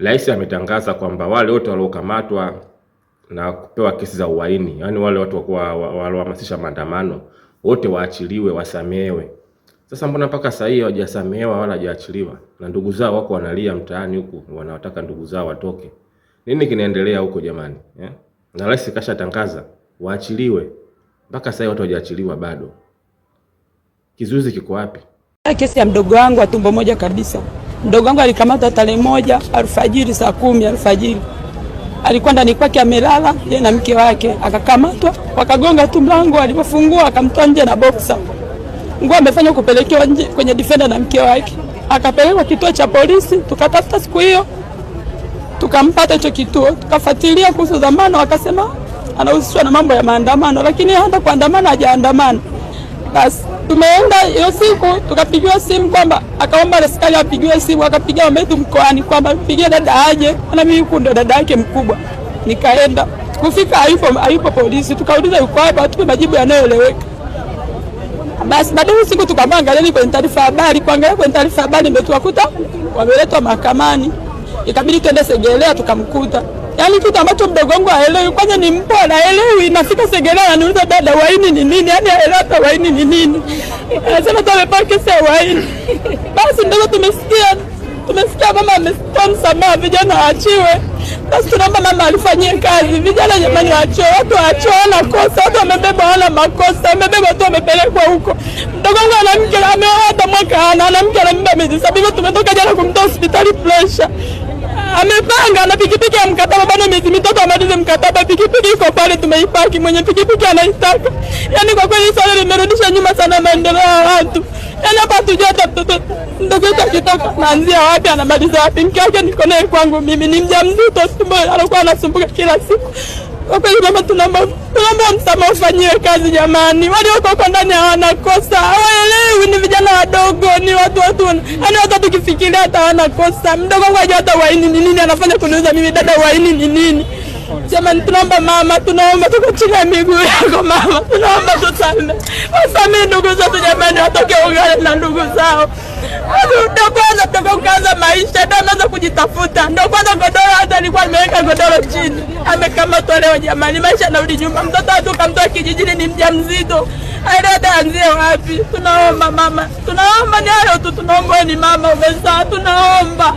Rais ametangaza kwamba wale wote waliokamatwa na kupewa kesi za uhaini, yaani wale watu walikuwa waliohamasisha maandamano wote waachiliwe, wasamehewe. Sasa mbona mpaka sasa hivi hawajasamehewa wala hawajaachiliwa, na ndugu zao wako wanalia mtaani huku, wanawataka ndugu zao watoke? Nini kinaendelea huko jamani yeah? Na rais kashatangaza waachiliwe, mpaka sasa watu hawajaachiliwa bado. Kizuizi kiko wapi? Kesi ya mdogo wangu wa tumbo moja kabisa Mdogo wangu alikamatwa tarehe moja alfajiri saa kumi alfajiri, alikuwa ndani kwake amelala, ye na mke wake, akakamatwa wakagonga tu mlango, alipofungua akamtoa nje na boksa nguo amefanya kupelekewa nje kwenye difenda na mke wake, akapelekwa kituo cha polisi. Tukatafuta siku hiyo tukampata hicho kituo, tukafuatilia kuhusu dhamana, wakasema anahusishwa na mambo ya maandamano, lakini hata kuandamana hajaandamana basi Tumeenda hiyo siku tukapigiwa simu kwamba akaomba askari apigiwe simu, akapiga mama yetu mkoani kwamba mpigie dada aje, na mimi huko ndo dada yake mkubwa. Nikaenda kufika, hayupo hayupo polisi, tukauliza yuko hapa, tupe majibu yanayoeleweka. Basi baada ya siku tukamwangalia ni kwenye taarifa habari, kuangalia kwenye taarifa habari ndio tukakuta wameletwa mahakamani, ikabidi tuende Segelea, tukamkuta yaani kitu ambacho mdogo wangu haelewi. Kwanza ni mpole, haelewi. Nafika Segerea ananiuliza dada, waini ni nini? Yani haelewi hata waini ni nini, anasema tu amepaa kesi ya waini. Basi ndio tumesikia tumesikia mama amesikia msamaha, vijana waachiwe. Basi tunaomba mama alifanyie kazi. Vijana jamani, waachiwe, watu waachiwe, wana kosa, watu wamebeba wana makosa, wamebeba tu, wamepelekwa huko. Mdogo wangu ana mke ameoa hata mwaka ana ana mke ana mimba miezi saba, tumetoka jana kumtoa hospitali pressure amepanga na pikipiki ya mkataba bado miezi mitatu amalize mkataba. Pikipiki iko pale, tumeipaki, mwenye pikipiki anaitaka. Yani kwa kweli swala limerudisha nyuma sana maendeleo ya watu. Yani hapa tujua hata mtoto mdogo wetu akitoka naanzia wapi anamaliza wapi. Mke wake niko naye kwangu mimi, ni mja mzito, tumbo anakuwa anasumbuka kila siku. Kwa kweli mama, tunaomba tunaomba msamaha ufanyiwe kazi jamani, walioko huko ndani hawana kosa vijana wadogo ni watu watu, yani watu tukifikiria hata wana kosa mdogo wangu hajua hata waini ni nini anafanya kuniuza mimi dada, waini ni nini? Jamani, tunaomba mama, tunaomba tuko chini ya miguu yako mama, tunaomba tusame wasamee ndugu zetu jamani, watoke ugale na ndugu zao. Yaani ndo kwanza toka ukaanza maisha, ndo anaanza kujitafuta, ndo kwanza godoro hata nilikuwa nimeweka godoro chini amekamatwa leo. Jamani, maisha anarudi nyuma. Mtoto atoka mtoa kijijini, ni mjamzito, anataanzie wapi? Tunaomba mama, tunaomba ni hayo tu, tunaomba ni mama umezaa, tunaomba